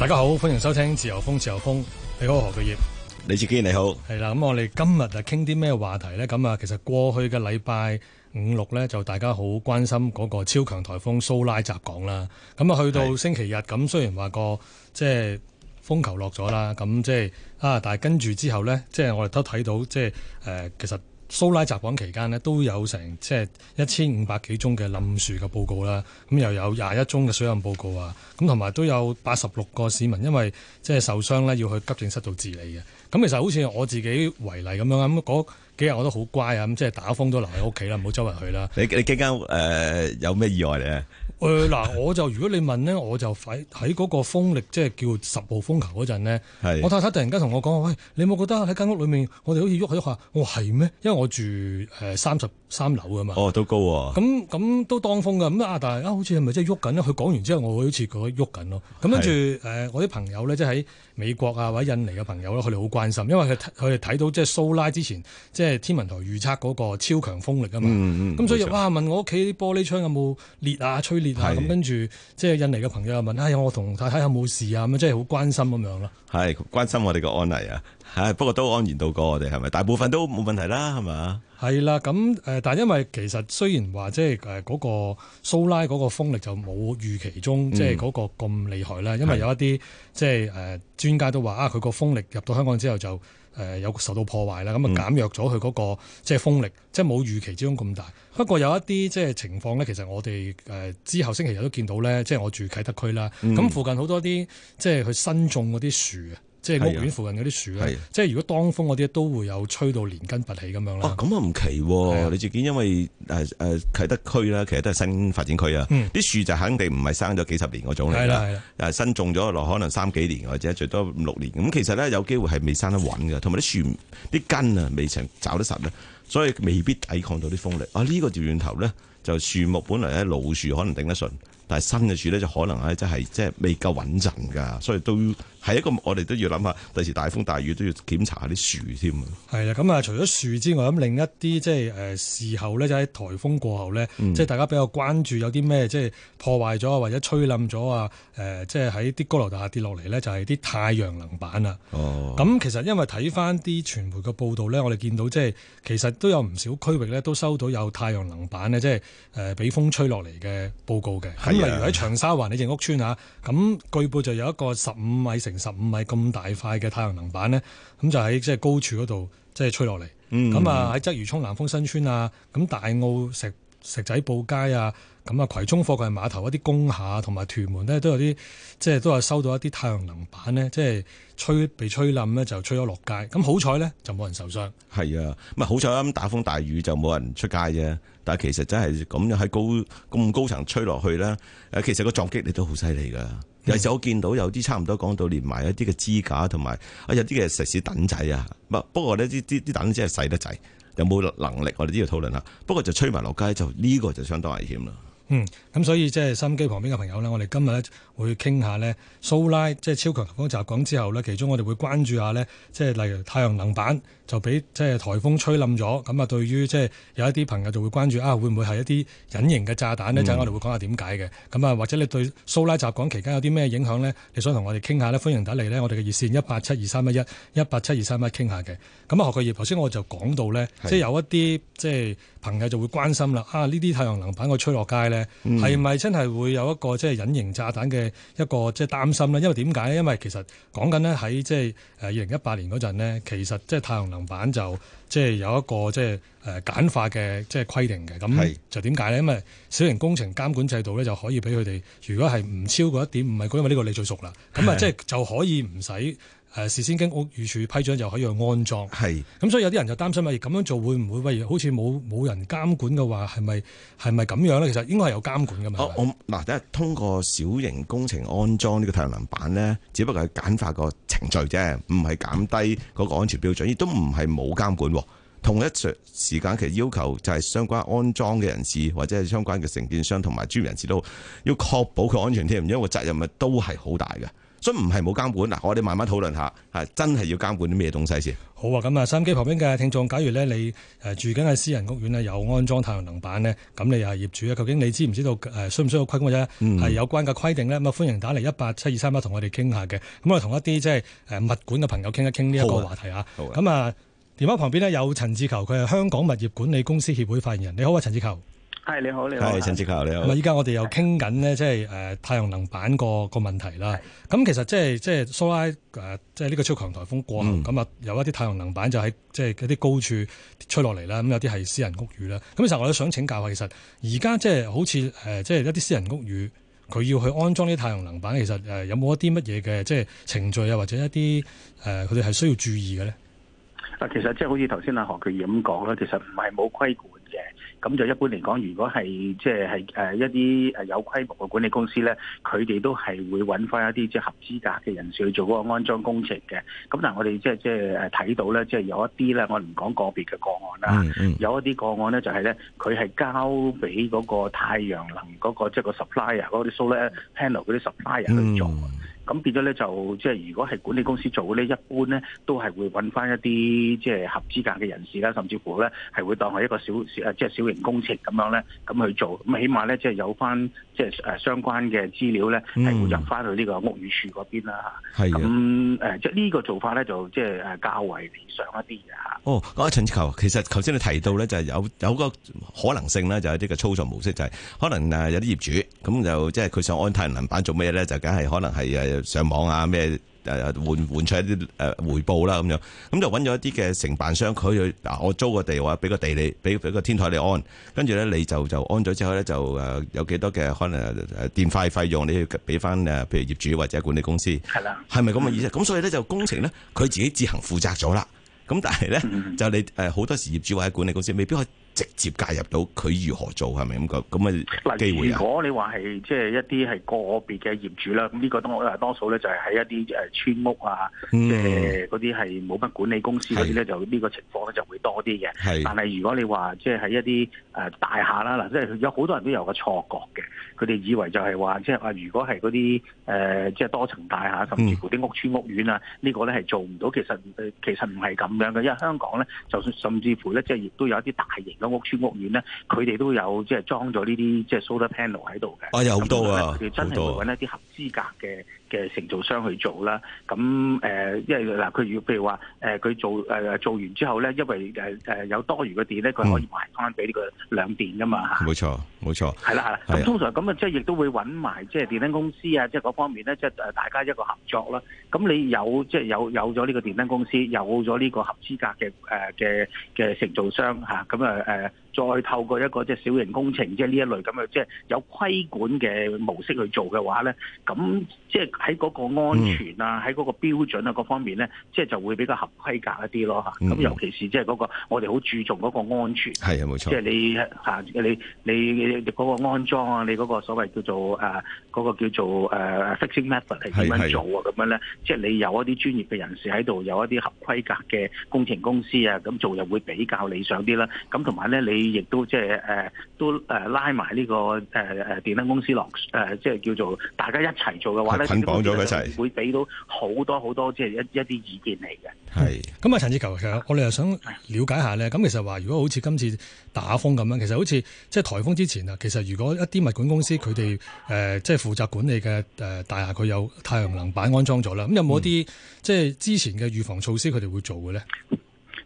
大家好，歡迎收聽自由風，自由風，你好何兆業，李志堅，你好，係啦，咁、嗯、我哋今日啊，傾啲咩話題呢？咁、嗯、啊，其實過去嘅禮拜五六呢，就大家好關心嗰個超強颱風蘇拉襲港啦。咁、嗯、啊，去到星期日，咁雖然話個即係風球落咗啦，咁即係啊，但係跟住之後呢，即、就、係、是、我哋都睇到，即係誒，其實。蘇拉襲港期間呢，都有成即係一千五百幾宗嘅冧樹嘅報告啦，咁又有廿一宗嘅水浸報告啊，咁同埋都有八十六個市民因為即係受傷咧，要去急症室度治理嘅。咁其實好似我自己為例咁樣咁幾日我都好乖啊！咁即係打風都留喺屋企啦，唔好周圍去啦。你你幾間屋誒有咩意外咧？誒、呃、嗱，我就如果你問咧，我就喺喺嗰個風力即係叫十號風球嗰陣咧，我太太突然間同我講，喂，你有冇覺得喺間屋裏面，我哋好似喐下喐下？我係咩？因為我住誒三十三樓啊嘛。哦，都高喎、喔。咁咁都當風噶咁啊！但係啊，好似係咪即係喐緊咧？佢講完之後，我好似覺得喐緊咯。咁跟住誒，我啲朋友咧，即係喺美國啊或者印尼嘅朋友咯，佢哋好關心，因為佢佢哋睇到即係、就是、蘇拉之前即係。就是即係天文台預測嗰個超強風力啊嘛，咁、嗯、所以哇、啊，問我屋企啲玻璃窗有冇裂啊、吹裂啊，咁跟住即係印尼嘅朋友又問：哎呀，我同太太有冇事啊？咁即係好關心咁樣咯。係關心我哋個安危啊！係不過都安然度過我，我哋係咪？大部分都冇問題啦，係咪？係啦，咁誒，但係因為其實雖然話即係誒嗰個蘇拉嗰個風力就冇預期中，嗯、即係嗰個咁厲害咧。因為有一啲即係誒專家都話啊，佢個風力入到香港之後就。誒有受到破壞啦，咁啊減弱咗佢嗰個即係風力，嗯、即係冇預期之中咁大。不過有一啲即係情況咧，其實我哋誒之後星期日都見到咧，即係我住啟德區啦，咁、嗯、附近好多啲即係佢新種嗰啲樹啊。即係屋苑附近嗰啲樹咧、啊，即係如果當風嗰啲都會有吹到連根拔起咁樣啦。哦、啊，咁啊唔奇喎！你自己因為誒誒、呃、啟德區啦，其實都係新發展區啊，啲、嗯、樹就肯定唔係生咗幾十年嗰種嚟啦。係啦係啦，誒新種咗落可能三幾年或者最多五六年。咁其實咧有機會係未生得穩嘅，同埋啲樹啲根啊未曾找得實咧，所以未必抵抗到啲風力。啊呢、這個掉轉頭咧，就樹木本嚟咧老樹可能頂得順，但係新嘅樹咧就可能咧即係即係未夠穩陣㗎，所以都。係一個我哋都要諗下，第時大風大雨都要檢查下啲樹添。係啦，咁啊，除咗樹之外，咁另一啲即係誒事後咧，就喺台風過後咧，即、嗯、係大家比較關注有啲咩即係破壞咗啊，或者吹冧咗啊，誒、呃，即係喺啲高樓大廈跌落嚟咧，就係、是、啲太陽能板啊。哦。咁其實因為睇翻啲傳媒嘅報道咧，我哋見到即係其實都有唔少區域咧，都收到有太陽能板咧，即係誒俾風吹落嚟嘅報告嘅。咁例如喺長沙灣李鄭屋村啊，咁據報就有一個十五米。成十五米咁大塊嘅太陽能板呢，咁就喺即係高處嗰度，即係吹落嚟。咁啊喺鰂魚涌南豐新村啊，咁大澳石石仔埗街啊，咁啊葵涌貨櫃碼頭一啲工廈同埋屯門呢，都有啲即係都有收到一啲太陽能板呢，即係吹被吹冧呢，就吹咗落街。咁好彩呢，就冇人受傷。係啊，唔係好彩啊，咁打風大雨就冇人出街啫。但係其實真係咁樣喺高咁高層吹落去咧，誒，其實個撞擊力都好犀利㗎。有時我見到有啲差唔多講到連埋一啲嘅支架同埋啊，有啲嘅石屎等仔啊，不過呢啲啲啲等仔真係細得滯，有冇能力我哋都要討論啦。不過就吹埋落街，就、這、呢個就相當危險啦。嗯，咁所以即係心機旁邊嘅朋友咧，我哋今日咧。會傾下呢，蘇拉即係超強颱風襲港之後呢，其中我哋會關注下呢，即係例如太陽能板就俾即係颱風吹冧咗，咁啊對於即係有一啲朋友就會關注啊，會唔會係一啲隱形嘅炸彈呢？即、嗯、係我哋會講下點解嘅，咁啊或者你對蘇拉襲港期間有啲咩影響呢？你想同我哋傾下呢？歡迎打嚟呢，我哋嘅熱線 187231, 187231一八七二三一一，一八七二三一傾下嘅。咁啊何國業頭先我就講到呢，即係有一啲即係朋友就會關心啦，啊呢啲太陽能板個吹落街呢，係、嗯、咪真係會有一個即係隱形炸彈嘅？一個即係擔心因為點解？因為其實講緊咧喺即係誒，二零一八年嗰陣呢，其實即係太陽能板就即係有一個即係誒簡化嘅即係規定嘅，咁就點解咧？因為小型工程監管制度咧就可以俾佢哋，如果係唔超過一點五米因為呢個你最熟啦，咁啊即係就可以唔使。事先經屋宇署批准就可以去安裝，咁，所以有啲人就擔心咪咁樣做會唔會，譬如好似冇冇人監管嘅話，係咪係咪咁樣咧？其實應該係有監管噶嘛。我、啊、嗱，第、啊、一，通過小型工程安裝呢個太陽能板咧，只不過係簡化個程序啫，唔係減低嗰個安全標準，亦都唔係冇監管。同一時時間，其實要求就係相關安裝嘅人士，或者係相關嘅承建商同埋專業人士都要確保佢安全添，因為個責任啊都係好大嘅，所以唔係冇監管嗱。我哋慢慢討論下，係真係要監管啲咩東西先。好啊，咁啊，收音機旁邊嘅聽眾，假如呢，你誒住緊嘅私人屋苑咧有安裝太陽能板呢，咁你係業主啊，究竟你知唔知道誒需唔需要規管啫，係、嗯、有關嘅規定呢？咁啊歡迎打嚟一八七二三一，同我哋傾下嘅。咁我同一啲即係誒物管嘅朋友傾一傾呢一個話題啊。咁啊。電話旁邊咧，有陳志球，佢係香港物業管理公司協會發言人。你好啊，陳志球。係，你好，你好。係陳志球，你好。咁、就是、啊，依家我哋又傾緊咧，即係誒太陽能板個個問題啦。咁其實即係即係蘇拉誒，即係呢個超強台風過後，咁、嗯、啊有一啲太陽能板就喺即係一啲高處吹落嚟啦。咁有啲係私人屋宇啦。咁其實我都想請教下，其實而家即係好似誒、即、呃、係、就是、一啲私人屋宇，佢要去安裝啲太陽能板，其實誒有冇一啲乜嘢嘅即係程序啊，或者一啲誒佢哋係需要注意嘅咧？其實即係好似頭先阿何傑咁講啦，其實唔係冇規管嘅，咁就一般嚟講，如果係即係一啲有規模嘅管理公司咧，佢哋都係會搵翻一啲即係合資格嘅人士去做嗰個安裝工程嘅。咁但我哋即係即係睇到咧，即、就、係、是、有一啲咧，我唔講個別嘅個案啦，mm -hmm. 有一啲個案咧就係、是、咧，佢係交俾嗰個太陽能嗰、那個即係、就是、個 supplier 嗰啲 solar panel 嗰啲 supplier 去做。Mm -hmm. 咁變咗咧就即係如果係管理公司做咧，一般咧都係會搵翻一啲即係合資格嘅人士啦，甚至乎咧係會當係一個小即係小型工程咁樣咧咁去做，咁起碼咧即係有翻即係相關嘅資料咧係會入翻去呢個屋宇署嗰邊啦，咁即係呢個做法咧就即係誒較為理想一啲嘅嚇。哦，講陳志球，其實頭先你提到咧就有有個可能性咧，就係啲嘅操作模式就係、誒、可能有啲業主咁就即係佢上安太陽能板做咩咧，就梗係可能係上網啊咩誒換換取一啲誒、啊、回報啦、啊、咁樣，咁、嗯、就揾咗一啲嘅承辦商，佢去嗱我租個地話，俾個地你，俾俾個天台你安，跟住咧你就就安咗之後咧就誒有幾多嘅可能電費費用你要俾翻誒譬如業主或者管理公司係啦，係咪咁嘅意思？咁、嗯、所以咧就工程咧佢自己自行負責咗啦，咁但係咧就你誒好多時業主或者管理公司未必去。直接介入到佢如何做係咪咁講？咁啊機會啊！如果你話係即係一啲係個別嘅業主啦，咁、這、呢個多啊多數咧就係喺一啲誒村屋啊，即係嗰啲係冇乜管理公司嗰啲咧，就呢個情況咧就會多啲嘅。但係如果你話即係喺一啲誒大廈啦，嗱，即係有好多人都有個錯覺嘅，佢哋以為就係話即係話如果係嗰啲誒即係多層大廈甚至乎啲屋村屋苑啊，呢、嗯這個咧係做唔到，其實誒其實唔係咁樣嘅，因為香港咧，就算甚至乎咧，即係亦都有一啲大型屋村屋苑咧，佢哋都有即係裝咗呢啲即係 solar panel 喺度嘅。啊、哎，有好多啊，佢真係會揾一啲合資格嘅。嘅承造商去做啦，咁誒，因為嗱，佢要譬如話，誒、呃、佢做誒、呃、做完之後咧，因為誒誒有多餘嘅電咧，佢可以賣翻俾呢個兩電噶嘛，嚇、嗯。冇、嗯、錯，冇錯。係啦，係、嗯、啦。咁、嗯、通常咁啊、嗯，即係亦都會揾埋即係電燈公司啊，即係嗰方面咧，即係誒大家一個合作啦。咁你有即係有有咗呢個電燈公司，有咗呢個合資格嘅誒嘅嘅承造商嚇，咁啊誒。再透過一個即係小型工程，即係呢一類咁嘅，即係有規管嘅模式去做嘅話咧，咁即係喺嗰個安全啊，喺、嗯、嗰個標準啊各方面咧，即係就會比較合規格一啲咯嚇。咁尤其是即係嗰個、嗯、我哋好注重嗰個安全，係啊冇錯。即係你嚇你你嗰個安裝啊，你嗰個所謂叫做誒嗰、啊嗰個叫做誒、啊、fixing method 係點樣做啊？咁樣咧，即係你有一啲專業嘅人士喺度，有一啲合規格嘅工程公司啊，咁做又會比較理想啲啦。咁同埋咧你。亦都即係誒，都誒拉埋呢、這個誒誒、呃，電燈公司落誒，即、呃、係、就是、叫做大家一齊做嘅話咧，捆綁咗佢一齊，會俾到好多好多即係一一啲意見嚟嘅。係。咁、嗯、啊，陳志球，其實我哋又想了解下咧。咁其實話，如果好似今次打風咁樣，其實好似即係颱風之前啊，其實如果一啲物管公司佢哋誒，即係負責管理嘅大廈，佢有太陽能板安裝咗啦。咁、嗯、有冇啲即係之前嘅預防措施，佢哋會做嘅咧？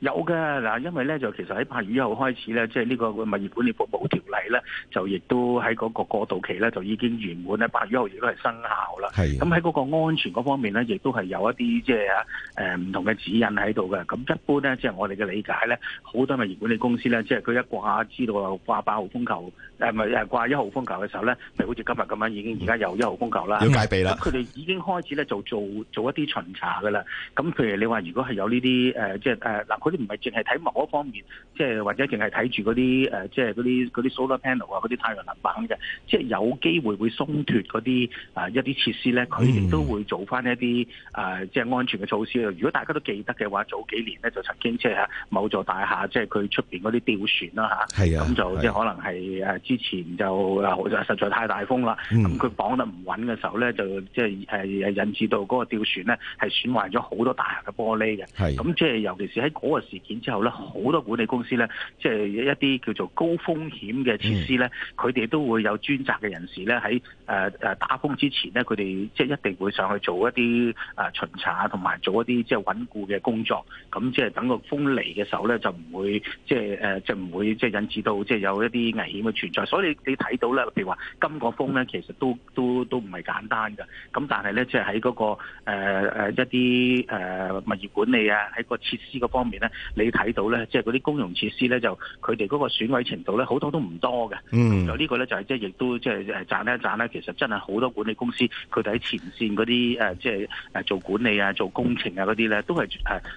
有嘅嗱，因為咧就其實喺八月一號開始咧，即係呢個物業管理服務條例咧，就亦都喺嗰個過渡期咧，就已經圓滿咧。八月一號亦都係生效啦。係。咁喺嗰個安全嗰方面咧，亦都係有一啲即係啊誒唔同嘅指引喺度嘅。咁一般咧，即係我哋嘅理解咧，好多物業管理公司咧，即係佢一掛知道掛八號風球，誒唔係掛一號風球嘅時候咧，咪好似今日咁樣已經而家有一號風球啦。戒備啦。咁佢哋已經開始咧做做做一啲巡查嘅啦。咁譬如你話如果係有呢啲即係嗱都唔係淨係睇某一方面，即係或者淨係睇住嗰啲誒，即係嗰啲啲 solar panel 啊，嗰啲太陽能板嘅，即係有機會會鬆脱嗰啲啊一啲設施咧，佢亦都會做翻一啲誒、呃、即係安全嘅措施。如果大家都記得嘅話，早幾年咧就曾經即係嚇某座大廈，即係佢出邊嗰啲吊船啦嚇，咁、啊、就、啊、即係可能係誒之前就實在太大風啦，咁佢、啊嗯、綁得唔穩嘅時候咧，就即係誒引致到嗰個吊船咧係損壞咗好多大廈嘅玻璃嘅。係、啊，咁即係尤其是喺嗰、那個。事件之後咧，好多管理公司咧，即係一啲叫做高風險嘅設施咧，佢、嗯、哋都會有專責嘅人士咧喺誒誒打風之前咧，佢哋即係一定會上去做一啲誒巡查同埋做一啲即係穩固嘅工作。咁即係等個風嚟嘅時候咧，就唔會即係誒就唔會即係引致到即係有一啲危險嘅存在。所以你睇到咧，譬如話今個風咧，其實都都都唔係簡單㗎。咁但係咧、那個，即係喺嗰個誒一啲誒物業管理啊，喺個設施嗰方面咧。你睇到咧，即係嗰啲公用設施咧，就佢哋嗰個損毀程度咧，好多都唔多嘅。嗯，這個、就呢個咧就係即係亦都即係誒讚一讚咧。其實真係好多管理公司，佢哋喺前線嗰啲誒，即係誒做管理啊、做工程啊嗰啲咧，都係誒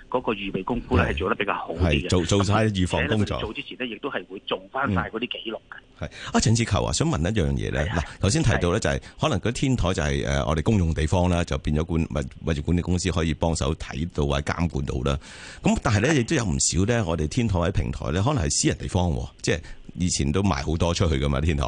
嗰個預備功夫咧係做得比較好嘅，做做曬預防工作。做之前呢，亦都係會做翻晒嗰啲記錄嘅。係、嗯、啊，陳志球啊，想問一樣嘢咧。嗱，頭先提到咧、就是，就係可能嗰天台就係誒我哋公用地方啦，就變咗管，咪咪管理公司可以幫手睇到或監管到啦。咁但係咧。亦都有唔少咧，我哋天台或者平台咧，可能係私人地方。即係以前都賣好多出去㗎嘛，啲天台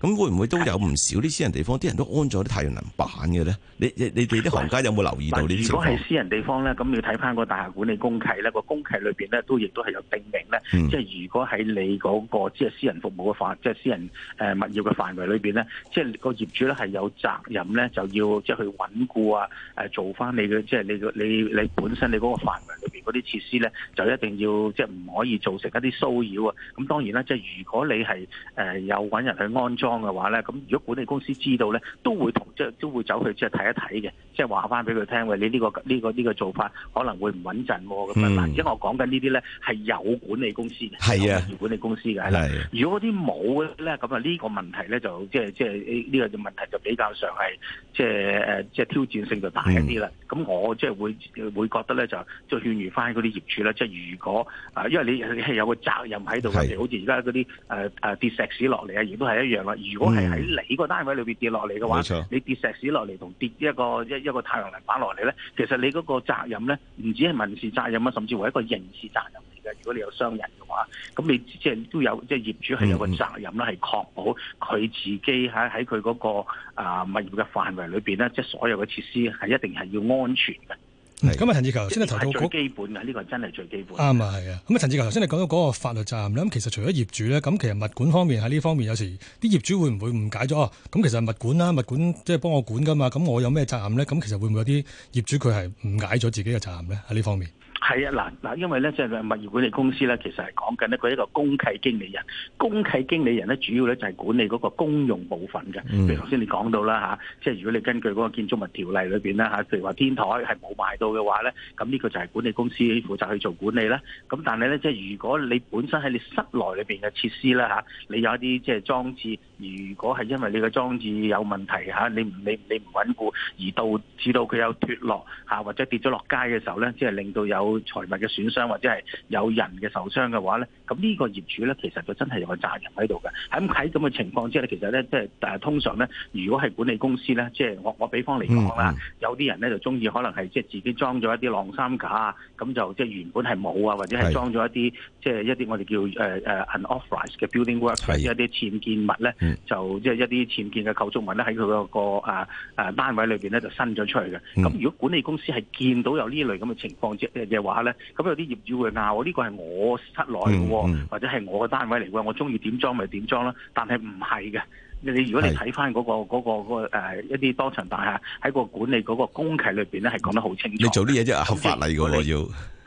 咁會唔會都有唔少啲私人地方，啲人都安咗啲太陽能板嘅咧？你你你哋啲行家有冇留意到呢？如果係私人地方咧，咁要睇翻個大廈管理工契咧，個工契裏邊咧都亦都係有定名咧、嗯。即係如果喺你嗰個即係私人服務嘅範，即係私人誒物業嘅範圍裏邊咧，即、那、係個業主咧係有責任咧，就要即係去穩固啊，誒做翻你嘅即係你你你本身你嗰個範圍裏邊嗰啲設施咧，就一定要即係唔可以造成一啲騷擾啊。咁當然即係如果你係、呃、有揾人去安裝嘅話咧，咁如果管理公司知道咧，都會同即都會走去即睇一睇嘅，即係話翻俾佢聽，喂你呢、這個呢呢、這個這個、做法可能會唔穩陣咁啊！嗱、嗯，因為我講緊呢啲咧係有管理公司嘅，係啊，有管理公司嘅、啊。如果啲冇咧，咁啊呢個問題咧就即係即呢個問題就比較上係即係、呃、即挑戰性就大一啲啦。咁、嗯、我即係會，會覺得咧就即係勸喻翻啲業主咧，即係如果啊、呃，因為你係有個責任喺度好似。而家啲誒誒跌石屎落嚟啊，亦都係一樣啦。如果係喺你個單位裏邊跌落嚟嘅話、嗯，你跌石屎落嚟同跌一個一一個太陽能板落嚟咧，其實你嗰個責任咧，唔止係民事責任啊，甚至乎一個刑事責任嚟嘅。如果你有傷人嘅話，咁你即係、就是、都有即係、就是、業主係有個責任啦，係、嗯、確保佢自己喺喺佢嗰個啊、呃、物業嘅範圍裏邊咧，即、就、係、是、所有嘅設施係一定係要安全嘅。咁啊，陳志球頭先係提到嗰基本嘅，呢個真係最基本。啱啊，係啊。咁啊，陳志球頭先你講到嗰個法律責任咧，咁其實除咗業主咧，咁其實物管方面喺呢方面，有時啲業主會唔會誤解咗咁、哦、其實物管啦，物管即係幫我管㗎嘛，咁我有咩責任咧？咁其實會唔會有啲業主佢係誤解咗自己嘅責任咧喺呢方面？係啊，嗱嗱，因為咧即係物業管理公司咧，其實係講緊咧佢一個公契經理人，公契經理人咧主要咧就係管理嗰個公用部分嘅，譬如頭先你講到啦，吓，即係如果你根據嗰個建築物條例裏邊啦，吓，譬如話天台係冇賣到嘅話咧，咁呢個就係管理公司負責去做管理啦。咁但係咧，即係如果你本身喺你室內裏邊嘅設施啦吓，你有一啲即係裝置。如果係因為你個裝置有問題，你唔你你唔穩固，而導致到佢有脫落或者跌咗落街嘅時候咧，即係令到有財物嘅損傷，或者係有人嘅受傷嘅話咧，咁呢個業主咧其實就真係有個責任喺度嘅。喺咁喺咁嘅情況之下咧，其實咧即係但係通常咧，如果係管理公司咧，即係我我比方嚟講啦，有啲人咧就中意可能係即係自己裝咗一啲晾衫架啊，咁就即係原本係冇啊，或者係裝咗一啲即係一啲我哋叫誒、uh, unauthorized 嘅 building work，一啲僭建物咧。嗯就即係一啲僭建嘅構築物咧，喺佢個單位裏面咧就伸咗出嚟嘅。咁、嗯、如果管理公司係見到有呢類咁嘅情況之嘅話咧，咁有啲業主會鬧我：這「呢個係我室內嘅、嗯嗯，或者係我嘅單位嚟㗎，我中意點裝咪點裝啦。但係唔係嘅，你如果你睇翻嗰個嗰、嗰個、呃、一啲多層大廈喺個管理嗰個公契裏邊咧，係講得好清楚。你做啲嘢啫，合法例㗎啦要。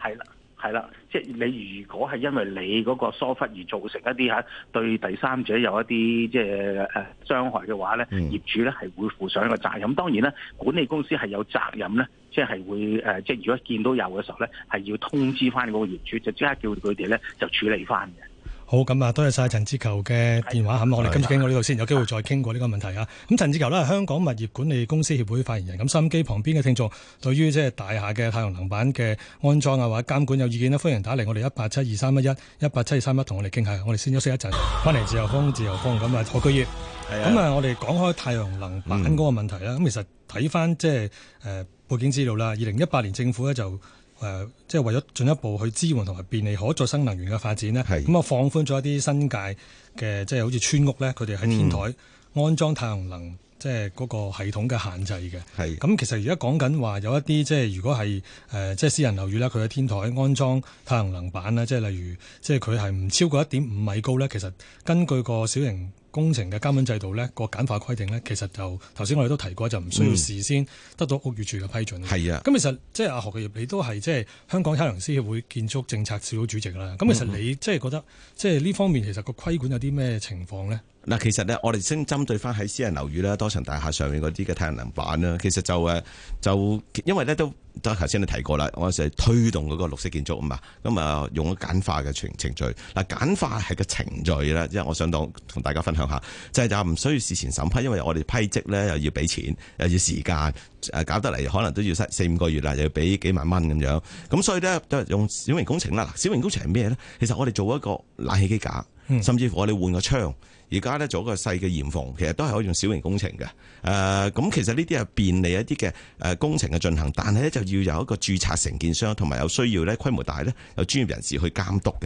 係啦，係啦。即係你如果係因為你嗰個疏忽而造成一啲嚇對第三者有一啲即係誒傷害嘅話咧，業主咧係會負上一個責任。咁當然咧，管理公司係有責任咧，即係會誒，即係如果見到有嘅時候咧，係要通知翻嗰個業主，就即刻叫佢哋咧就處理翻嘅。好，咁啊，多謝晒陳志球嘅電話，咁我哋今次經過呢度先，有機會再傾過呢個問題啊。咁陳志球咧，香港物業管理公司協會發言人。咁收音機旁邊嘅聽眾，對於即係大廈嘅太陽能板嘅安裝啊，或者監管有意見呢，歡迎打嚟我哋一八七二三一一，一八七二三一同我哋傾下。我哋先休息一陣，翻嚟自由風，自由風。咁啊，何居業。咁啊，我哋講開太陽能板嗰個問題啦。咁、嗯、其實睇翻即係誒背景資料啦。二零一八年政府咧就。誒、呃，即係為咗進一步去支援同埋便利可再生能源嘅發展咧，咁啊放寬咗一啲新界嘅，即係好似村屋呢，佢哋喺天台安裝太陽能，嗯、即係嗰個系統嘅限制嘅。係咁，其實而家講緊話有一啲，即係如果係誒、呃，即係私人樓宇啦，佢喺天台安裝太陽能板咧，即係例如，即係佢係唔超過一點五米高呢，其實根據個小型。工程嘅監管制度咧，個簡化規定咧，其實就頭先我哋都提過，就唔需要事先得到屋宇署嘅批准。係、嗯、啊，咁其實即係阿何其業，你都係即係香港太陽能先會建築政策小組主席啦。咁其實你即係覺得，即係呢方面其實個規管有啲咩情況咧？嗱，其實咧，我哋先針對翻喺私人樓宇啦、多層大廈上面嗰啲嘅太陽能板啦，其實就誒，就因為咧都。都係頭先你提過啦，我係推動嗰個綠色建築啊嘛，咁啊用咗簡化嘅程程序。嗱簡化係個程序啦，即係我想當同大家分享下，就係就唔需要事前審批，因為我哋批職咧又要俾錢，又要時間，誒搞得嚟可能都要四四五個月啦，又要俾幾萬蚊咁樣。咁所以咧都係用小型工程啦。小型工程係咩咧？其實我哋做一個冷氣機架，甚至乎我哋換個窗，而家咧做一個細嘅簷篷，其實都係可以用小型工程嘅。誒，咁其實呢啲係便利一啲嘅工程嘅進行，但係咧要有一個注冊承建商，同埋有需要咧規模大咧有專業人士去監督嘅，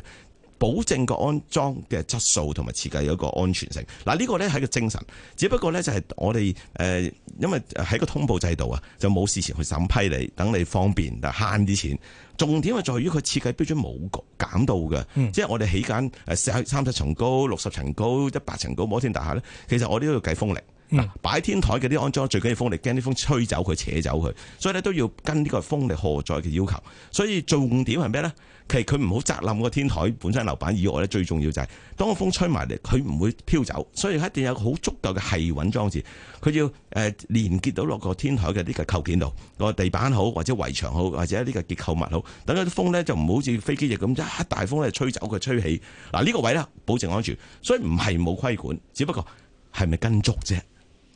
保證個安裝嘅質素，同埋設計有一個安全性。嗱呢個咧係個精神，只不過咧就係我哋誒，因為喺個通報制度啊，就冇事前去審批你，等你方便，慳啲錢。重點係在於佢設計標準冇減到嘅、嗯，即係我哋起緊誒三十層高、六十層高、一百層高摩天大廈咧，其實我哋都要計風力。嗱，擺天台嘅啲安裝最緊要風力，驚啲風吹走佢扯走佢，所以咧都要跟呢個風力荷載嘅要求。所以重點係咩咧？其實佢唔好責冧個天台本身樓板以外咧，最重要就係、是、當個風吹埋嚟，佢唔會飄走，所以一定有好足夠嘅繫穩裝置。佢要誒連結到落個天台嘅呢個構件度，個地板好或者圍牆好或者呢個結構物好，等嗰啲風咧就唔好似飛機翼咁一,一大風咧吹走佢吹起。嗱、這、呢個位啦，保證安全，所以唔係冇規管，只不過係咪跟足啫？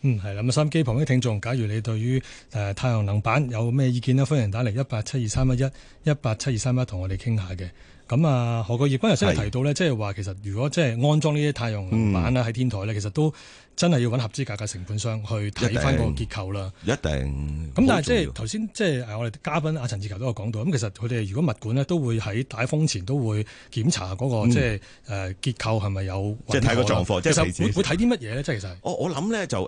嗯，係啦，咁收音機旁的聽眾，假如你對於誒、呃、太陽能板有咩意見呢，歡迎打嚟一八七二三一一，一八七二三一同我哋傾下嘅。咁啊，何個葉君又先係提到咧，即係話其實如果即係安裝呢啲太陽能板喺天台咧，其實都真係要搵合資格嘅成本商去睇翻個結構啦。一定。咁但係即係頭先即係我哋嘉賓阿陳志球都有講到，咁其實佢哋如果物管咧，都會喺打風前都會檢查嗰個即係誒結構係咪有即係睇個狀況，即係會睇啲乜嘢咧？即係其實。我我諗咧，就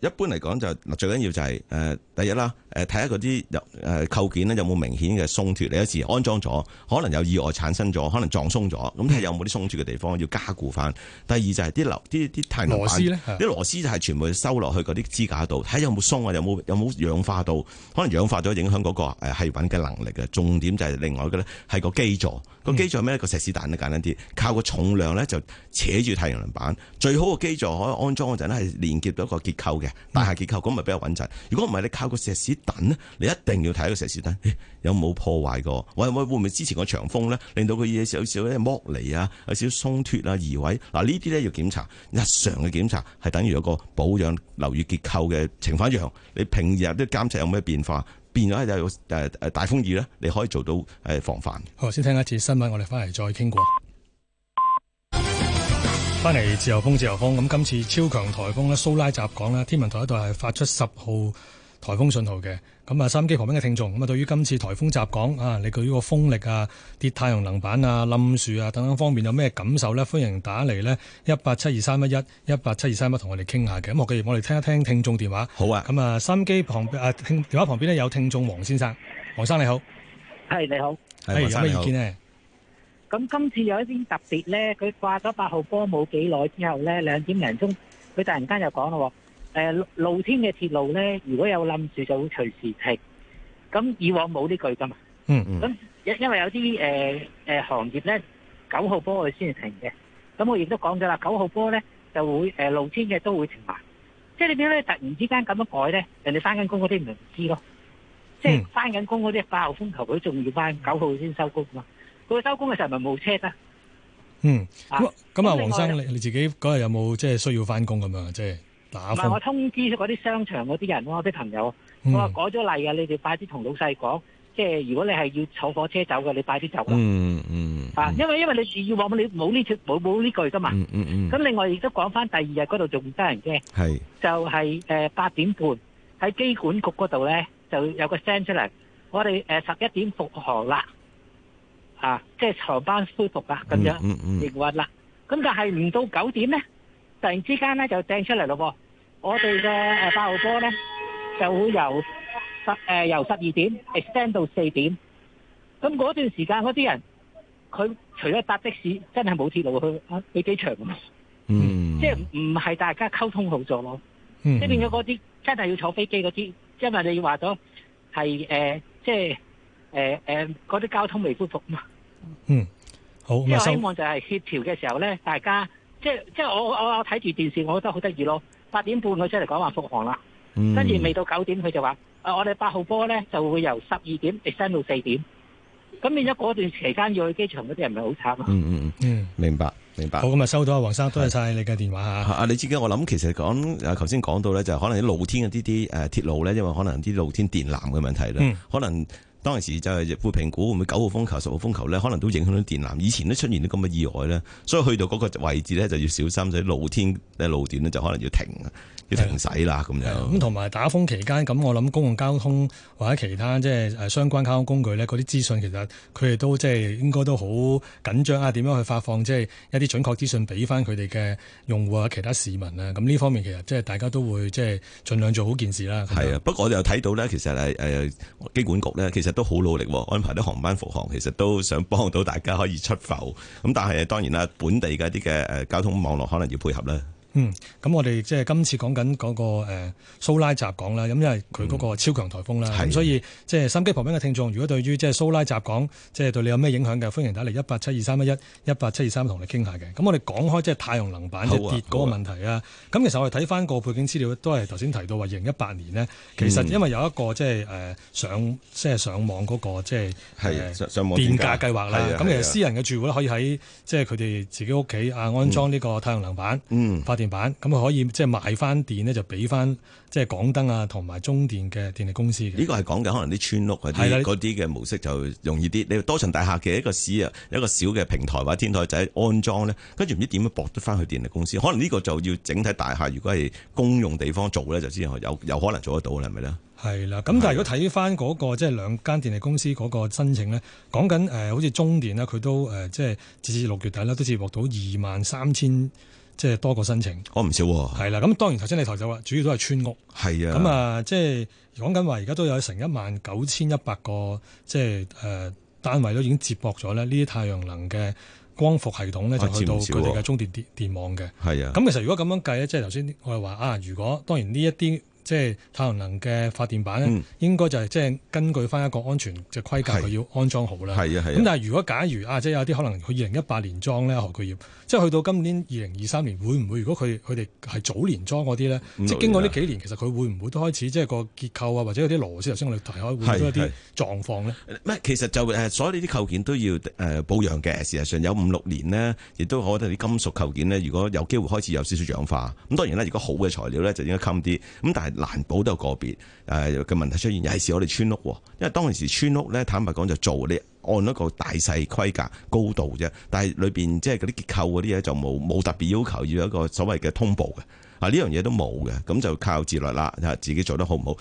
一般嚟講就最緊要就係第一啦，睇下嗰啲誒構件呢，有冇明顯嘅鬆脱，你有時安裝咗可能有意外產生。咗可能撞鬆咗，咁睇下有冇啲鬆住嘅地方要加固翻。第二就係啲樓啲啲太陽能板螺絲咧，啲螺絲就係全部收落去嗰啲支架度，睇下有冇鬆啊，有冇有冇氧化到？可能氧化咗影響嗰個誒氣穩嘅能力嘅。重點就係另外嘅咧，係個基座。個基座咩咧？個石屎彈咧簡單啲，靠個重量咧就扯住太陽能板。最好個基座可以安裝嗰陣咧係連接到一個結構嘅大廈結構，咁咪比較穩陣。如果唔係你靠個石屎彈咧，你一定要睇個石屎彈，哎、有冇破壞過。喂喂，會唔會之前個長風咧令到佢有少少咧剝離啊，有少鬆脱啊，移位嗱，呢啲咧要檢查。日常嘅檢查係等於有個保養樓宇結構嘅情況一樣，你平日啲監察有咩變化？變咗係有誒誒大風雨咧，你可以做到誒防範。好，先聽一次新聞，我哋翻嚟再傾過。翻嚟自由風自由風，咁今次超強颱風咧，蘇拉襲港咧，天文台一度係發出十號台風信號嘅咁啊，收音機旁邊嘅聽眾，咁啊，對於今次台風襲港啊，你對於個風力啊、跌太陽能板啊、冧樹啊等等方面有咩感受咧？歡迎打嚟咧，187231, 187231一八七二三一一、一八七二三一同我哋傾下嘅。咁我哋我哋聽一聽聽眾電話。好啊。咁啊，收音機旁邊啊，聽電話旁邊咧有聽眾黃先生，黃生你好，係你好，係、哎、有咩意見呢？咁今次有一啲特別咧，佢掛咗八號波冇幾耐之後咧，兩點零鐘佢突然間又講咯。誒，露天嘅鐵路咧，如果有冧住就會隨時停。咁以往冇呢句㗎嘛，嗯嗯。咁因因為有啲誒誒行業咧，九號波佢先停嘅。咁我亦都講咗啦，九號波咧就會誒露天嘅都會停埋。即係點解咧？突然之間咁樣改咧，人哋翻緊工嗰啲咪唔知咯。即係翻緊工嗰啲八號風球佢仲要翻九號先收工嘛？佢收工嘅時候咪冇車得。嗯，咁咁啊，黃生，你你自己嗰日有冇即係需要翻工咁樣即係？唔係，我通知嗰啲商場嗰啲人咯，我啲朋友，嗯、我話改咗例啊，你哋快啲同老細講，即係如果你係要坐火車走嘅，你快啲走啦！嗯嗯啊，因為、嗯、因為你住要往，你冇呢條冇冇呢句噶嘛。咁、嗯嗯嗯、另外亦都講翻第二日嗰度仲唔得人驚。係。就係誒八點半喺機管局嗰度咧就有個聲出嚟，我哋誒十一點復航啦，啊，即係航班恢復啊，咁樣逆、嗯嗯嗯、運啦。咁但係唔到九點咧，突然之間咧就掟出嚟咯喎！我哋嘅八號波咧就會由十、呃、由十二點 extend 到四點。咁嗰段時間嗰啲人，佢除咗搭的士，真係冇鐵路去、啊、去機場嘅嘛。嗯。即係唔係大家溝通好咗咯？嗯。即係變咗嗰啲真係要坐飛機嗰啲，因為你話咗係誒，即係誒誒嗰啲交通未恢復，復嘛。嗯。好。因為希望就係協調嘅時候咧，大家即係即係我我我睇住電視，我覺得好得意咯。八點半佢出嚟講話復航啦，跟住未到九點佢就話、嗯，啊我哋八號波咧就會由十二點 extend 到四點，咁變咗嗰段期間要去機場嗰啲人咪好慘啊！嗯嗯嗯，明白明白。好，咁啊，收到啊，黃生，多謝晒你嘅電話嚇。啊你自己我諗其實講啊頭先講到咧就係、是、可能啲露天嘅啲啲誒鐵路咧，因為可能啲露天電纜嘅問題咧、嗯，可能。當時就係會評估會唔會九號風球、十號風球咧，可能都影響到電纜，以前都出現啲咁嘅意外咧，所以去到嗰個位置咧就要小心，所以露天嘅路段咧就可能要停。停駛啦，咁就咁同埋打風期間，咁我諗公共交通或者其他即係誒相關交通工具咧，嗰啲資訊其實佢哋都即係應該都好緊張啊！點樣去發放即係一啲準確資訊俾翻佢哋嘅用戶啊，其他市民啊？咁呢方面其實即係大家都會即係盡量做好件事啦。係啊，不過我哋又睇到咧，其實係誒機管局咧，其實都好努力安排啲航班復航，其實都想幫到大家可以出埠。咁但係當然啦，本地嘅一啲嘅誒交通網絡可能要配合啦。嗯，咁我哋即係今次講緊嗰個誒、呃、蘇拉襲港啦，咁因為佢嗰個超強颱風啦，咁、嗯、所以即係心機旁邊嘅聽眾，如果對於即係蘇拉襲港即係對你有咩影響嘅，歡迎打嚟18723一八七二三一一，一八七二三同你傾傾下嘅。咁我哋講開即係太陽能板一、啊、跌嗰個問題啊，咁其實我哋睇翻個背景資料都係頭先提到話，二零一八年呢，其實因為有一個即係、呃、上即係上網嗰、那個即係電價計劃啦，咁、嗯啊、其實私人嘅住戶可以喺即係佢哋自己屋企啊安裝呢個太陽能板，嗯，嗯板咁啊可以即係賣翻電呢，就俾翻即係港燈啊同埋中電嘅電力公司嘅。呢個係講緊可能啲村屋嗰啲嗰啲嘅模式就容易啲。你多層大廈嘅一個市啊，一個小嘅平台或者天台仔安裝咧，跟住唔知點樣駁得翻去電力公司。可能呢個就要整體大廈，如果係公用地方做咧，就先有有可能做得到啦，係咪咧？係啦。咁但係如果睇翻嗰個、那個、即係兩間電力公司嗰個申請咧，講緊誒，好似中電呢，佢都誒、呃，即係直至六月底啦，都只獲到二萬三千。即係多個申請，我、哦、唔少喎、啊。係啦，咁當然頭先你投走啦，主要都係村屋。係啊，咁啊，即係講緊話，而家都有成一萬九千一百個，即係誒、呃、單位都已經接駁咗咧。呢啲太陽能嘅光伏系統咧，就去到佢哋嘅中電電電網嘅。係啊，咁、啊啊、其實如果咁樣計咧，即係頭先我哋話啊，如果當然呢一啲。即係太陽能嘅發電板咧，應該就係即係根據返一個安全嘅規格，佢、嗯、要安裝好啦。係啊係。咁但係如果假如啊，即係有啲可能佢二零一八年裝咧，鶴佢業，即係去到今年二零二三年，會唔會如果佢佢哋係早年裝嗰啲咧，即係經過呢幾年，其實佢會唔會都開始即係個結構啊，或者啲螺絲頭先我哋提開，會唔會都有啲狀況咧？唔係，其實就誒，所有呢啲構件都要誒、呃、保養嘅。事實上有五六年呢，亦都我覺得啲金屬構件呢，如果有機會開始有少少氧化。咁當然啦，如果好嘅材料咧，就應該襟啲。咁但係難保都有個別誒嘅問題出現，尤其係我哋村屋，因為當陣時村屋咧，坦白講就做你按一個大細規格高度啫，但係裏邊即係嗰啲結構嗰啲嘢就冇冇特別要求，要有一個所謂嘅通報嘅啊，呢樣嘢都冇嘅，咁就靠自律啦，自己做得好唔好？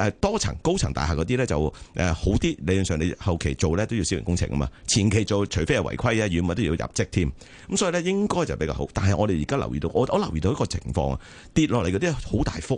係多層高層大廈嗰啲咧就誒好啲，理論上你後期做咧都要小型工程噶嘛，前期做除非係違規啊，如果唔係都要入職添。咁所以咧應該就比較好，但係我哋而家留意到，我我留意到一個情況啊，跌落嚟嗰啲好大幅，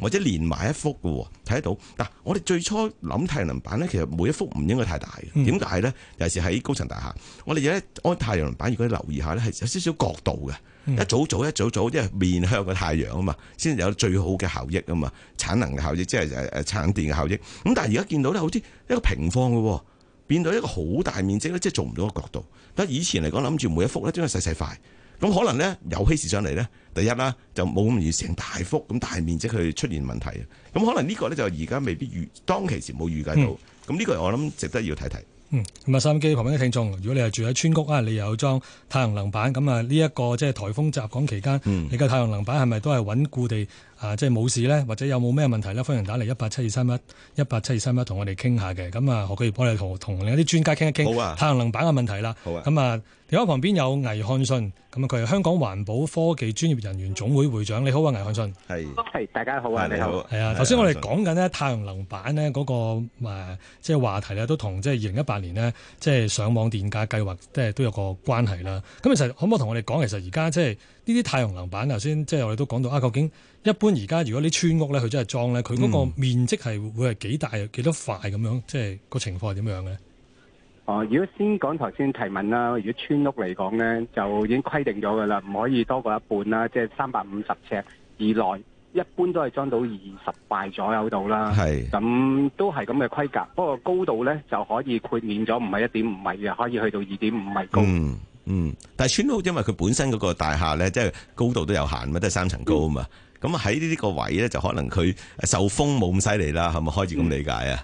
或者連埋一幅喎，睇得到。嗱，我哋最初諗太陽能板咧，其實每一幅唔應該太大嘅，點解咧？尤其是喺高層大廈，我哋而家安太陽能板，如果留意一下咧，係有少少角度嘅。一早早一早早，即係面向個太陽啊嘛，先有最好嘅效益啊嘛，產能嘅效益，即係誒誒，產電嘅效益。咁但係而家見到咧，好似一個平方嘅，變到一個好大面積咧，即係做唔到個角度。但以前嚟講，諗住每一幅咧都係細細塊，咁可能咧有起事上嚟咧，第一啦就冇咁容易成大幅咁大面積去出現問題。咁可能呢個咧就而家未必預，當其時冇預計到。咁呢個我諗值得要睇睇。嗯，咁啊，收音機旁邊嘅聽眾，如果你係住喺村屋啊，你又有裝太陽能板，咁啊呢一個即係颱風襲港期間、嗯，你嘅太陽能板係咪都係穩固地？啊，即係冇事呢？或者有冇咩問題呢？歡迎打嚟一,一八七二三一一八七二三一同我哋傾下嘅。咁啊，何居月，我你同同另一啲專家傾一傾。好啊。太陽能板嘅問題啦。好啊。咁啊，電話、啊、旁邊有倪漢順，咁啊，佢係香港環保科技專業人員總會會長。你好啊，倪漢順。係。大家好啊。你好。係啊，頭先我哋講緊呢太陽能板呢嗰、那個、啊、即係話題呢都同即係二零一八年呢即係上網電價計劃，即係都有個關係啦。咁其實可唔可以同我哋講，其實而家即係？呢啲太陽能板頭先，即係我哋都講到啊，究竟一般而家如果啲村屋咧，佢真係裝咧，佢嗰個面積係會係幾大、幾多塊咁樣，即係個情況係點樣咧？哦、呃，如果先講頭先提問啦，如果村屋嚟講咧，就已經規定咗噶啦，唔可以多過一半啦，即係三百五十尺以內，一般都係裝到二十塊左右度啦。係咁都係咁嘅規格，不過高度咧就可以豁免咗，唔係一點五米嘅，可以去到二點五米高。嗯嗯，但係村屋，因為佢本身嗰個大廈咧，即係高度都有限，咁都係三層高啊嘛。咁喺呢個位咧，就可能佢受風冇咁犀利啦，係咪開始咁理解啊？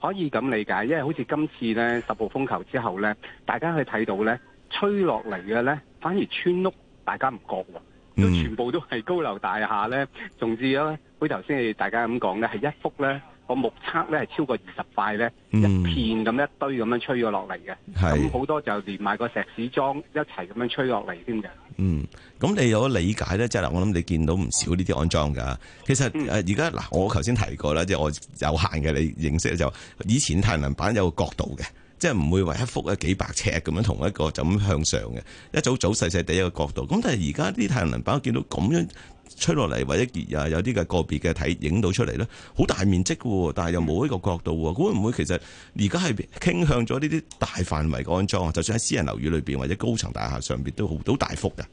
可以咁理解，因為好似今次咧十號風球之後咧，大家去睇到咧，吹落嚟嘅咧，反而村屋大家唔覺得，就全部都係高樓大廈咧，甚至咧，好似頭先大家咁講咧，係一幅咧。個目測咧係超過二十塊咧，嗯、一片咁一堆咁樣吹咗落嚟嘅，咁好是多就連埋個石屎樁一齊咁樣吹落嚟先嘅。嗯，咁你有個理解咧，即係嗱，我諗你見到唔少呢啲安裝㗎。其實誒，而家嗱，我頭先提過啦，即係我有限嘅，你認識就以前太陽能板有個角度嘅。即係唔會話一幅啊幾百尺咁樣同一個就咁向上嘅，一組組細細哋一個角度，咁但係而家啲太陽能板我見到咁樣吹落嚟，或者有有啲嘅個別嘅睇影到出嚟咧，好大面積喎，但係又冇一個角度喎，會唔會其實而家係傾向咗呢啲大範圍嘅安裝啊？就算喺私人樓宇裏邊或者高層大廈上邊都好，都大幅嘅。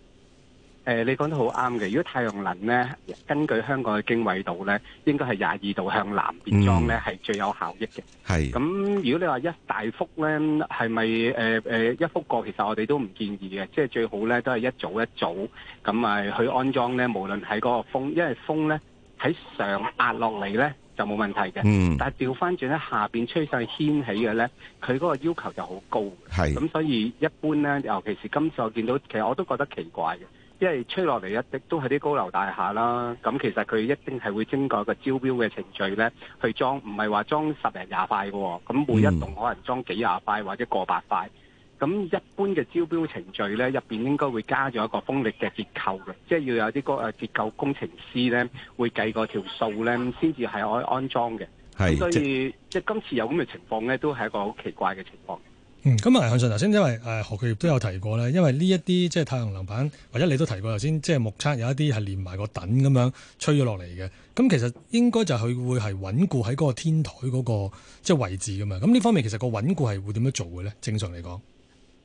誒、呃，你講得好啱嘅。如果太陽能咧，根據香港嘅經緯度咧，應該係廿二度向南安裝咧係最有效益嘅。係。咁如果你話一大幅咧，係咪誒誒一幅過？其實我哋都唔建議嘅，即係最好咧都係一組一組咁啊去安裝咧。無論係嗰個風，因為風咧喺上壓落嚟咧就冇問題嘅。嗯。但係調翻轉咧，下邊吹上去掀起嘅咧，佢嗰個要求就好高。係。咁所以一般咧，尤其是今次我見到，其實我都覺得奇怪嘅。即係吹落嚟一啲都係啲高樓大廈啦，咁其實佢一定係會經過一個招標嘅程序咧，去裝唔係話裝十零廿塊嘅，咁每一棟可能裝幾廿塊或者過百塊。咁、嗯、一般嘅招標程序咧，入邊應該會加咗一個風力嘅結構嘅，即係要有啲工誒結構工程師咧會計過條數咧，先至係可以安裝嘅。咁所以即係今次有咁嘅情況咧，都係一個好奇怪嘅情況。嗯，咁啊，倪漢順頭先，因為誒何其業都有提過咧，因為呢一啲即係太陽能板，或者你都提過頭先，即係目測有一啲係連埋個等咁樣吹咗落嚟嘅，咁其實應該就係佢會係穩固喺嗰個天台嗰個即係位置噶嘛，咁呢方面其實個穩固係會點樣做嘅咧？正常嚟講，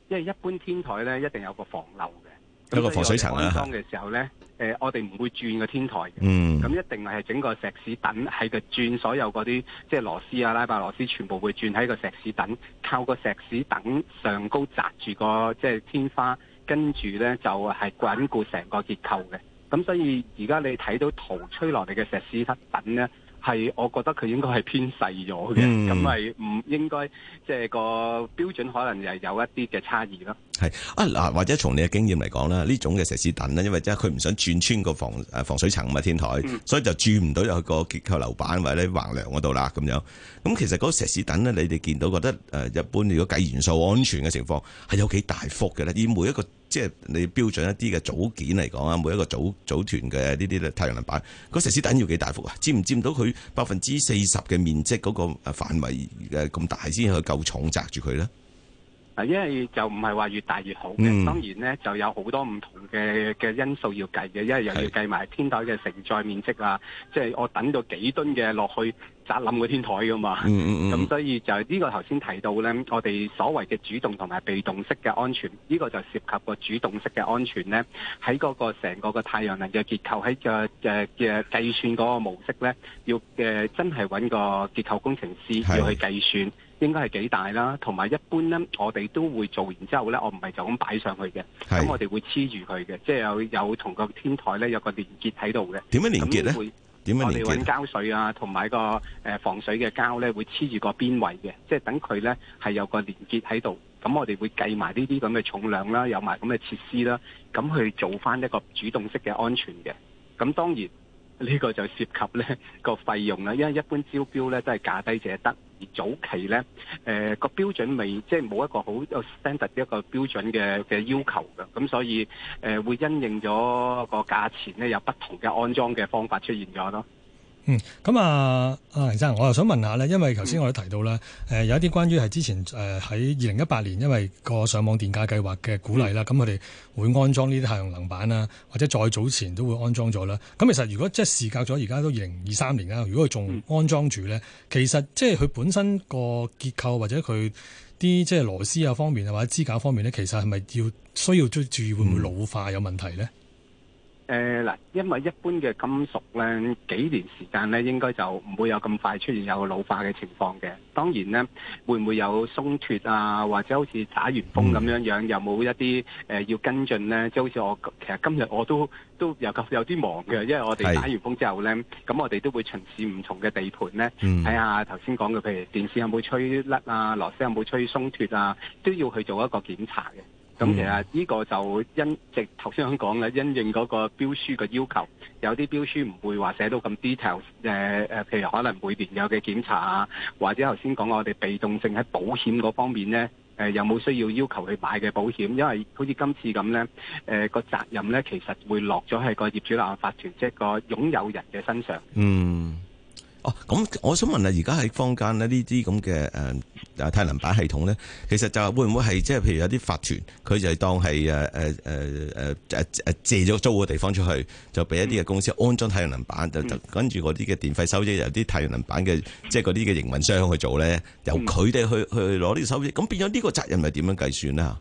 因為一般天台咧一定有一個防漏嘅。喺個防水層咧，安裝嘅時候咧，誒，我哋唔會轉個天台嘅，咁一定係整個石屎墩喺個轉所有嗰啲即係螺絲啊、拉拔螺絲，螺絲全部會轉喺個石屎墩，靠個石屎墩上高擲住個即係天花，跟住咧就係滾固成個結構嘅。咁所以而家你睇到圖吹落嚟嘅石屎墩咧。係，我覺得佢應該係偏細咗嘅，咁咪唔應該即係、就是、個標準，可能又有一啲嘅差異咯。係啊，嗱，或者從你嘅經驗嚟講啦，呢種嘅石屎凳咧，因為即係佢唔想鑽穿個防防水層啊天台、嗯，所以就鑽唔到入個個結構樓板或者橫梁嗰度啦。咁樣咁其實嗰石屎凳咧，你哋見到覺得誒一般如果計元素安全嘅情況，係有幾大幅嘅咧？以每一個。即係你標準一啲嘅組件嚟講啊，每一個組組團嘅呢啲太陽能板，個石屎躉要幾大幅啊？佔唔佔到佢百分之四十嘅面積嗰個範圍嘅咁大先去夠重砸住佢咧？啊，因為就唔係話越大越好嘅，當然咧就有好多唔同嘅嘅因素要計嘅，因為又要計埋天台嘅承載面積啊，即係我等到幾噸嘅落去。扎冧個天台噶嘛？咁、嗯嗯、所以就呢個頭先提到咧，我哋所謂嘅主動同埋被動式嘅安全，呢、呢個就涉及個主動式嘅安全咧，喺嗰個成個個太陽能嘅結構喺嘅誒計算嗰個模式咧，要、呃、真係搵個結構工程師要去計算應該係幾大啦。同埋一般咧，我哋都會做完之後咧，我唔係就咁擺上去嘅，咁我哋會黐住佢嘅，即係有有同個天台咧有個連結喺度嘅。點樣連結咧？我哋搵膠水啊，同埋個誒防水嘅膠呢，會黐住個邊位嘅，即係等佢呢係有個連結喺度。咁我哋會計埋呢啲咁嘅重量啦，有埋咁嘅設施啦，咁去做翻一個主動式嘅安全嘅。咁當然呢個就涉及呢個費用啦，因為一般招標呢，都係價低者得。而早期咧，誒、呃、個標準未，即係冇一個好 standard 一個標準嘅嘅要求㗎，咁所以誒、呃、會因應咗個價錢咧，有不同嘅安裝嘅方法出現咗咯。嗯，咁啊，阿林生，我又想問下咧，因為頭先我都提到啦、嗯呃，有一啲關於係之前誒喺二零一八年，因為個上網電價計劃嘅鼓勵啦，咁佢哋會安裝呢啲太陽能板啊，或者再早前都會安裝咗啦。咁其實如果即係事隔咗而家都二零二三年啦，如果佢仲安裝住咧、嗯，其實即係佢本身個結構或者佢啲即係螺絲啊方面啊或者支架方面咧，其實係咪要需要注注意會唔會老化有問題咧？嗯誒、呃、嗱，因為一般嘅金屬咧，幾年時間咧，應該就唔會有咁快出現有老化嘅情況嘅。當然咧，會唔會有鬆脱啊，或者好似打完風咁樣樣，嗯、有冇一啲誒、呃、要跟進咧？即係好似我其實今日我都都有有啲忙嘅，因為我哋打完風之後咧，咁我哋都會巡視唔同嘅地盤咧，睇下頭先講嘅，譬如電線有冇吹甩啊，螺絲有冇吹鬆脱啊，都要去做一個檢查嘅。咁、嗯、其實呢個就因即係頭先講咧，就是、因應嗰個標書嘅要求，有啲標書唔會話寫到咁 detail。誒、呃、譬如可能每年有嘅檢查啊，或者頭先講我哋被動性喺保險嗰方面咧，誒、呃、有冇需要要求去買嘅保險？因為好似今次咁咧，誒、呃、個責任咧其實會落咗喺個業主立案法團即係、就是、個擁有人嘅身上。嗯。咁、哦、我想問啊，而家喺坊間咧呢啲咁嘅誒誒太陽能板系統咧，其實就是會唔會係即係譬如有啲法團，佢就係當係誒誒誒誒誒借咗租個地方出去，就俾一啲嘅公司安裝太陽能板，就、嗯、就跟住嗰啲嘅電費收益由啲太陽能板嘅即係嗰啲嘅營運商去做咧，由佢哋去、嗯、去攞呢個收益，咁變咗呢個責任係點樣計算呢？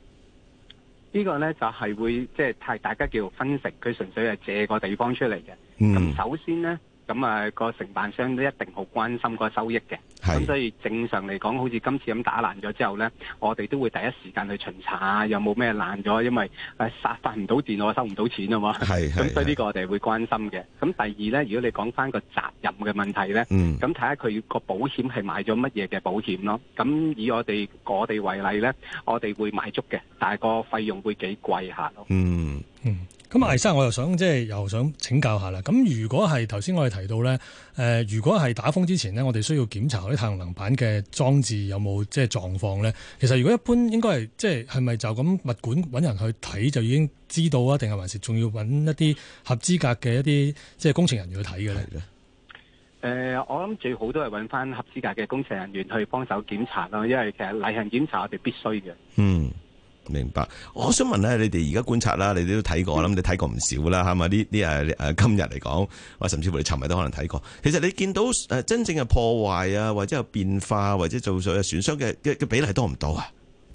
咧、這個？呢個咧就係會即係太大家叫分成，佢純粹係借個地方出嚟嘅。咁首先咧。咁啊，個承辦商都一定好關心個收益嘅。咁所以正常嚟講，好似今次咁打爛咗之後呢，我哋都會第一時間去巡查，有冇咩爛咗？因為誒發唔到電，我收唔到錢啊嘛。咁 所以呢個我哋會關心嘅。咁第二呢，如果你講翻個責任嘅問題呢，咁睇下佢個保險係買咗乜嘢嘅保險咯。咁以我哋我哋為例呢，我哋會買足嘅，但係個費用會幾貴下咯。嗯。嗯。咁倪生，我又想即係又想請教下啦。咁如果係頭先我哋提到咧，誒，如果係打風之前咧，我哋需要檢查啲太陽能板嘅裝置有冇即係狀況咧？其實如果一般應該係即係係咪就咁物管揾人去睇就已經知道啊？定係還是仲要揾一啲合資格嘅一啲即係工程人員去睇嘅咧？誒，我諗最好都係揾翻合資格嘅工程人員去幫手檢查咯。因為其實例行檢查我哋必須嘅。嗯。明白，我想問咧，你哋而家觀察啦，你都睇過，咁你睇過唔少啦，係咪？呢呢啊啊，今日嚟講，或甚至乎你尋日都可能睇過。其實你見到誒，真正嘅破壞啊，或者有變化，或者造成嘅損傷嘅嘅嘅比例多唔多啊？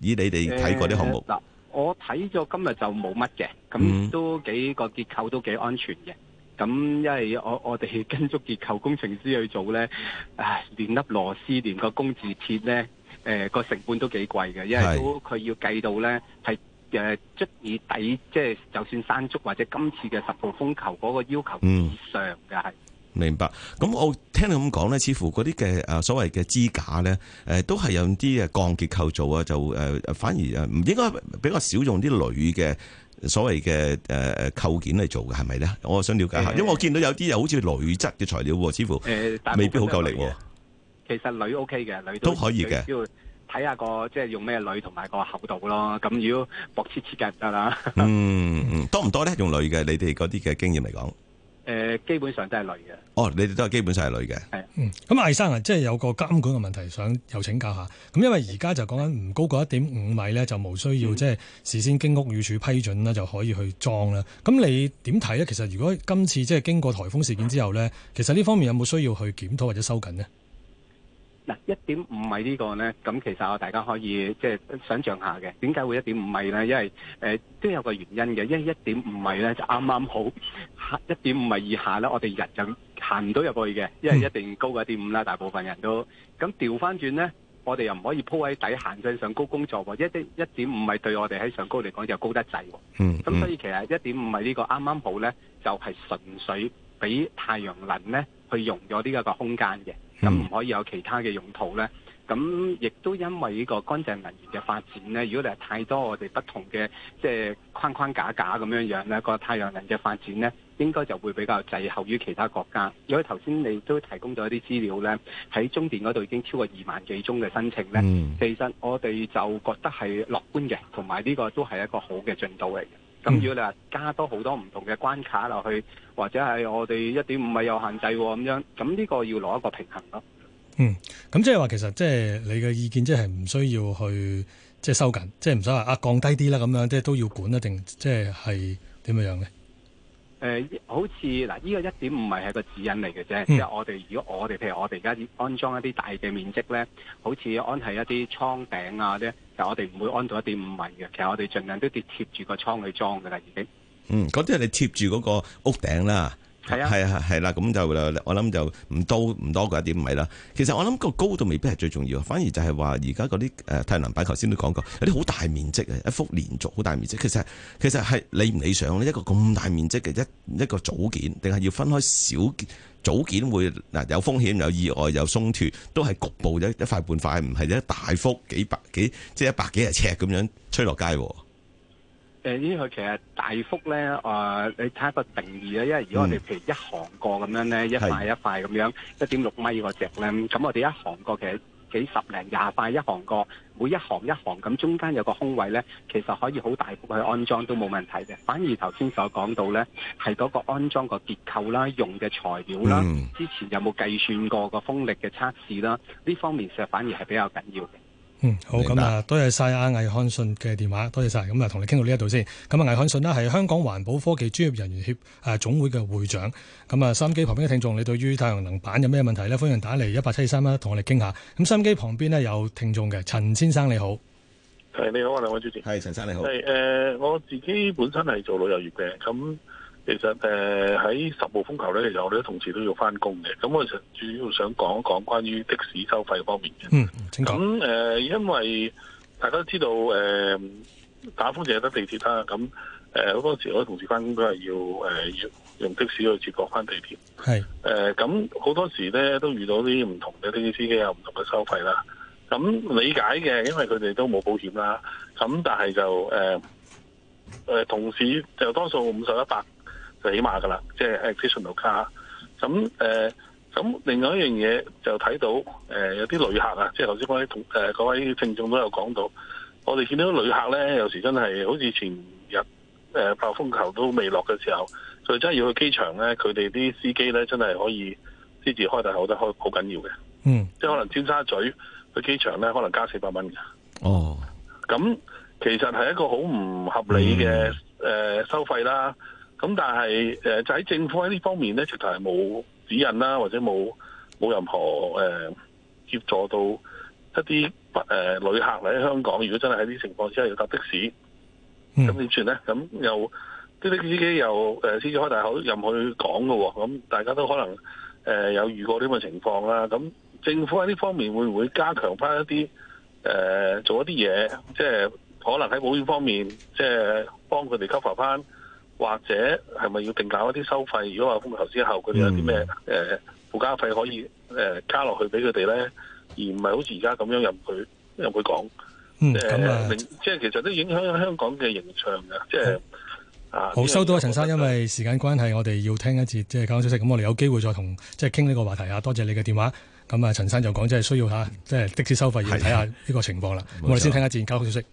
以你哋睇過啲項目，我睇咗今日就冇乜嘅，咁都幾個結構都幾安全嘅。咁因為我我哋跟足結構工程師去做咧，唉，連粒螺絲，連個工字鐵咧。誒、呃，個成本都幾貴嘅，因為都佢要計到咧，係誒足以抵，即、就、係、是、就算山竹或者今次嘅十號風球嗰個要求以上嘅係、嗯。明白，咁我聽你咁講咧，似乎嗰啲嘅誒所謂嘅支架咧，誒、呃、都係有啲誒鋼結構做啊，就誒、呃、反而誒唔應該比較少用啲鋁嘅所謂嘅誒誒構件嚟做嘅，係咪咧？我想了解下、呃，因為我見到有啲又好似鋁質嘅材料喎，似乎誒、呃、未必好夠力。呃其實鋁 OK 嘅鋁都可以嘅，要睇下個即係用咩鋁同埋個厚度咯。咁如果薄切切嘅唔得啦。多唔多咧？用鋁嘅，你哋嗰啲嘅經驗嚟講，誒，基本上都係鋁嘅。哦，你哋都係基本上係鋁嘅。係、嗯、咁倪生啊，即係有個監管嘅問題，想又請教下。咁因為而家就講緊唔高過一點五米咧，就冇需要即係事先經屋宇署批准啦，就可以去裝啦。咁你點睇咧？其實如果今次即係經過颱風事件之後咧，其實呢方面有冇需要去檢討或者收緊呢？嗱，一點五米呢個呢，咁其實我大家可以即係想象下嘅，點解會一點五米呢？因為誒、呃、都有個原因嘅，因為一點五米呢，就啱啱好，一點五米以下呢，我哋人就行唔到入去嘅，因為一定高過一點五啦，大部分人都咁調返轉呢，我哋又唔可以鋪喺底，限制上高工作喎，一啲一點五米對我哋喺上高嚟講就高得滯，喎、嗯。咁、嗯、所以其實一點五米呢個啱啱好呢，就係、是、純粹俾太陽能呢去用咗呢一個空間嘅。咁、嗯、唔可以有其他嘅用途咧，咁亦都因為呢個乾淨能源嘅發展咧，如果你係太多我哋不同嘅即係框框架架咁樣樣咧，個太陽能嘅發展咧，應該就會比較滯後於其他國家。因為頭先你都提供咗一啲資料咧，喺中電嗰度已經超過二萬幾宗嘅申請咧、嗯，其實我哋就覺得係樂觀嘅，同埋呢個都係一個好嘅進度嚟嘅。咁如果你話加多好多唔同嘅關卡落去，或者係我哋一點五米有限制咁樣，咁呢個要攞一個平衡咯。嗯，咁即係話其實即係你嘅意見，即係唔需要去即係、就是、收緊，即係唔使話啊降低啲啦，咁樣即係、就是、都要管一定即係係點樣樣？誒、呃、好似嗱，呢、這個一點五米係個指引嚟嘅啫。即係我哋如果我哋譬如我哋而家安裝一啲大嘅面積咧，好似安喺一啲倉頂啊啫，但我哋唔會安到一點五米嘅。其實我哋盡量都貼住個倉去裝㗎啦，已經。嗯，嗰啲係你貼住嗰個屋頂啦。係啊，係啊，係啦，啊，咁就我諗就唔多唔多過一點咪啦。其實我諗個高度未必係最重要，反而就係話而家嗰啲誒太陽能板，頭先都講過有啲好大面積嘅一幅連續好大面積，其實其實係理唔理想咧？一個咁大面積嘅一一個組件，定係要分開小組件會嗱有風險、有意外、有鬆脫，都係局部一一塊半塊，唔係一大幅幾百幾即係一百幾廿尺咁樣吹落街喎。誒呢個其實大幅咧，誒、呃、你睇下個定義啦，因為如果我哋譬如一行個咁樣咧、嗯，一塊一塊咁樣一點六米嗰隻咧，咁我哋一行個其實幾十零廿塊一行個，每一行一行咁中間有個空位咧，其實可以好大幅去安裝都冇問題嘅。反而頭先所講到咧，係嗰個安裝個結構啦、用嘅材料啦、嗯、之前有冇計算過個風力嘅測試啦，呢方面其實反而係比較緊要嘅。嗯，好，咁啊，多謝晒啊倪漢順嘅電話，多謝晒，咁啊，同你傾到呢一度先。咁啊，倪漢順咧係香港環保科技專業人員協誒總會嘅會長。咁啊，收音機旁邊嘅聽眾，你對於太陽能板有咩問題呢？歡迎打嚟一八七二三一，同我哋傾下。咁收音機旁邊呢有聽眾嘅，陳先生你好，係你好啊，兩位主持，係陳生你好，係誒、呃，我自己本身係做旅遊業嘅，咁。其實誒喺十號風球咧，其實我哋啲同事都要翻工嘅。咁我哋就主要想講一講關於的士收費方面嘅。嗯，咁誒、呃，因為大家都知道誒、呃，打風淨係得地鐵啦。咁、啊、誒，好、呃、多時我啲同事翻工都係要誒、呃，用的士去接駁翻地鐵。係誒，咁、呃、好多時咧都遇到啲唔同嘅啲司機有唔同嘅收費啦。咁理解嘅，因為佢哋都冇保險啦。咁但係就誒誒、呃呃，同事就多數五十一百。就起碼噶啦，即係 additional 卡。咁誒，咁、呃、另外一樣嘢就睇到誒、呃、有啲旅客啊，即係頭先嗰啲同誒、呃、位聽眾都有講到，我哋見到旅客咧，有時真係好似前日、呃、爆暴風球都未落嘅時候，佢真係要去機場咧，佢哋啲司機咧真係可以私自開大口都開好緊要嘅。嗯，即係可能尖沙咀去機場咧，可能加四百蚊嘅。哦，咁其實係一個好唔合理嘅誒、嗯呃、收費啦。咁但係、呃，就喺政府喺呢方面咧，直頭係冇指引啦，或者冇冇任何誒協助到一啲誒旅客嚟香港。如果真係喺呢啲情況之下要搭的士，咁點算咧？咁又的士司機又誒司機開大口任佢講嘅喎、啊。咁大家都可能誒、呃、有遇過呢個情況啦、啊。咁政府喺呢方面會唔會加強翻一啲誒、呃、做一啲嘢，即、就、係、是、可能喺保險方面，即、就、係、是、幫佢哋 cover 翻。或者係咪要定價一啲收費？如果話風頭之後，佢哋有啲咩誒附加費可以誒、呃、加落去俾佢哋咧，而唔係好似而家咁樣任佢任佢講。咁、嗯、啊，即、呃、係、嗯呃呃、其實都影響香港嘅形象嘅，即、就、係、是嗯、啊。好，收到啊，陳生。因為時間關係，我哋要聽一節即係交通消息。咁我哋有機會再同即係傾呢個話題啊。多謝你嘅電話。咁啊，陳生就講，即係需要吓，即、就、係、是、的士收費要睇下呢個情況啦。我哋先聽一節交通消息。